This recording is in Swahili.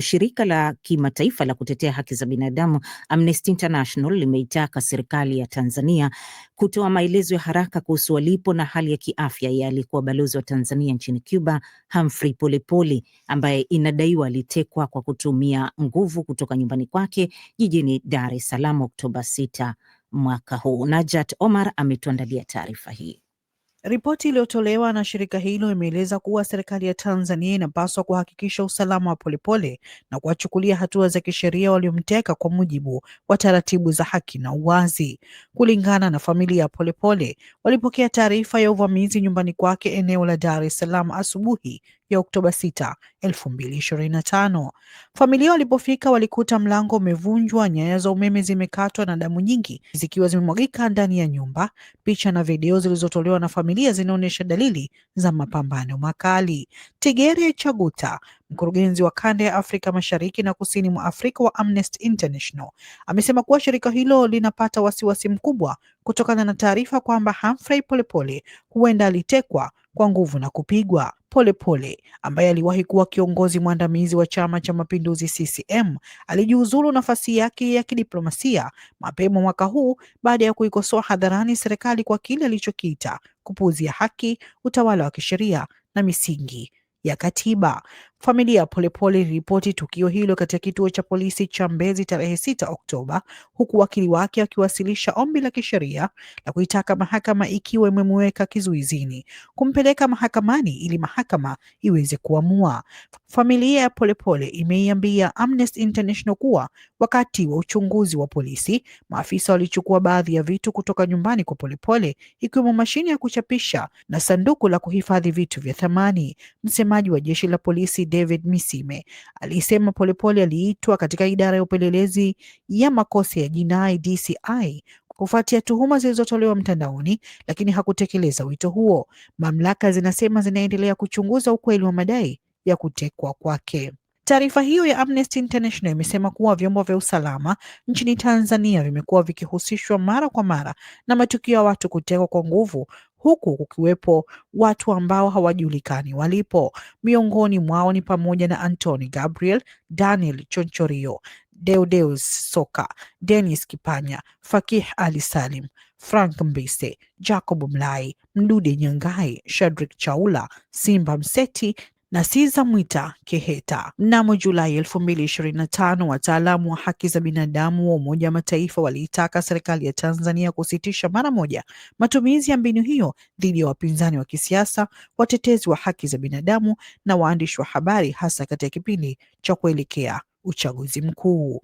Shirika la kimataifa la kutetea haki za binadamu Amnesty International limeitaka serikali ya Tanzania kutoa maelezo ya haraka kuhusu walipo na hali ya kiafya ya aliyekuwa balozi wa Tanzania nchini Cuba, Humphrey Polepole, ambaye inadaiwa alitekwa kwa kutumia nguvu kutoka nyumbani kwake jijini Dar es Salaam Oktoba 6 mwaka huu. Najat Omar ametuandalia taarifa hii. Ripoti iliyotolewa na shirika hilo imeeleza kuwa serikali ya Tanzania inapaswa kuhakikisha usalama wa Polepole na kuwachukulia hatua za kisheria waliomteka kwa mujibu wa taratibu za haki na uwazi. Kulingana na familia ya Polepole, walipokea taarifa ya uvamizi nyumbani kwake eneo la Dar es Salaam asubuhi ya Oktoba 6, 2025. Familia walipofika walikuta mlango umevunjwa, nyaya za umeme zimekatwa na damu nyingi zikiwa zimemwagika ndani ya nyumba. Picha na video zilizotolewa na familia zinaonyesha dalili za mapambano makali. Tigere Chaguta, mkurugenzi wa kanda ya Afrika Mashariki na Kusini mwa Afrika wa Amnesty International, amesema kuwa shirika hilo linapata wasiwasi mkubwa kutokana na taarifa kwamba Humphrey Polepole huenda alitekwa kwa nguvu na kupigwa. Polepole ambaye aliwahi kuwa kiongozi mwandamizi wa Chama cha Mapinduzi CCM alijiuzulu nafasi yake ya kidiplomasia mapema mwaka huu baada ya kuikosoa hadharani serikali kwa kile alichokiita kupuuzia haki, utawala wa kisheria na misingi ya katiba. Familia ya Polepole iliripoti tukio hilo katika kituo cha polisi cha Mbezi tarehe sita Oktoba, huku wakili wake akiwasilisha ombi la kisheria la kuitaka mahakama ikiwa imemweka kizuizini kumpeleka mahakamani ili mahakama iweze kuamua. Familia ya Polepole imeiambia Amnesty International kuwa wakati wa uchunguzi wa polisi, maafisa walichukua baadhi ya vitu kutoka nyumbani kwa Polepole, ikiwemo mashine ya kuchapisha na sanduku la kuhifadhi vitu vya thamani. Msemaji wa jeshi la polisi David Misime alisema Polepole aliitwa katika idara ya upelelezi ya makosa ya jinai DCI kufuatia tuhuma zilizotolewa mtandaoni, lakini hakutekeleza wito huo. Mamlaka zinasema zinaendelea kuchunguza ukweli wa madai ya kutekwa kwake. Taarifa hiyo ya Amnesty International imesema kuwa vyombo vya usalama nchini Tanzania vimekuwa vikihusishwa mara kwa mara na matukio ya watu kutekwa kwa nguvu huku kukiwepo watu ambao hawajulikani walipo. Miongoni mwao ni pamoja na antoni Gabriel, Daniel Chonchorio, Deudeus Soka, denis Kipanya, Fakih Ali Salim, Frank Mbise, Jacob Mlai, Mdude Nyangai, Shadrick Chaula, Simba Mseti na si za Mwita Keheta. Mnamo Julai 2025, wataalamu wa haki za binadamu wa Umoja wa Mataifa waliitaka serikali ya Tanzania kusitisha mara moja matumizi ya mbinu hiyo dhidi ya wapinzani wa kisiasa, watetezi wa haki za binadamu na waandishi wa habari, hasa katika kipindi cha kuelekea uchaguzi mkuu.